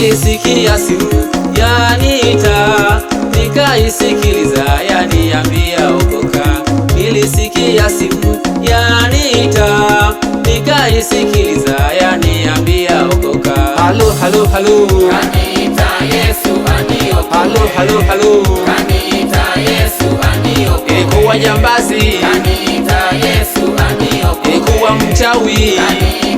Nilisikia simu yaniita, nikaisikiliza yaniambia okoka. Nilisikia simu yaniita, nikaisikiliza yaniambia okoka. Halo, halo, halo, kaniita Yesu aniokoe. Halo, halo, halo, kaniita Yesu aniokoe. Nilikuwa jambazi, kaniita Yesu aniokoe. Nilikuwa mchawi, kaniita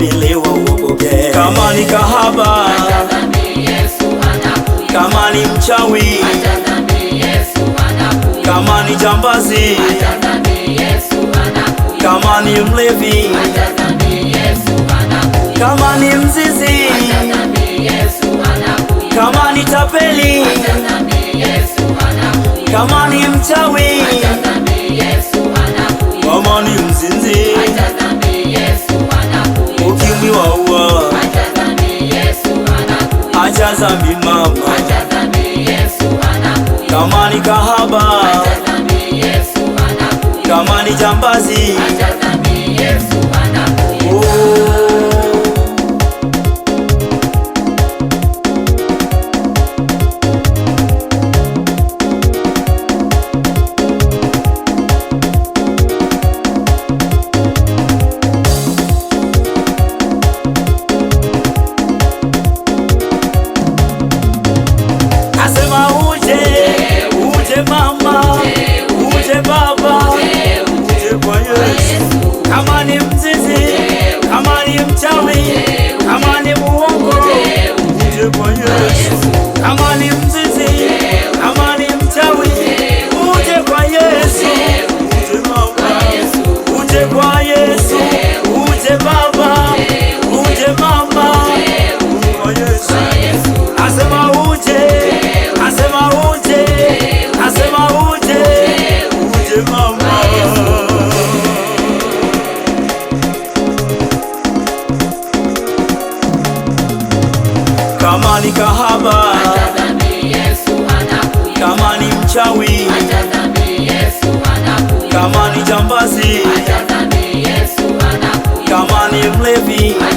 umeambiliwa uokoke. Kama ni kahaba, kama ni mchawi, kama ni jambazi, kama ni mlevi, kama ni mzizi, kama ni tapeli, kama ni mchawi, kama ni mzizi Acha dhambi mama, kama ni kahaba, kama ni jambazi Kama ni kahaba, kama ni mchawi, kama ni jambazi, kama ni mlevi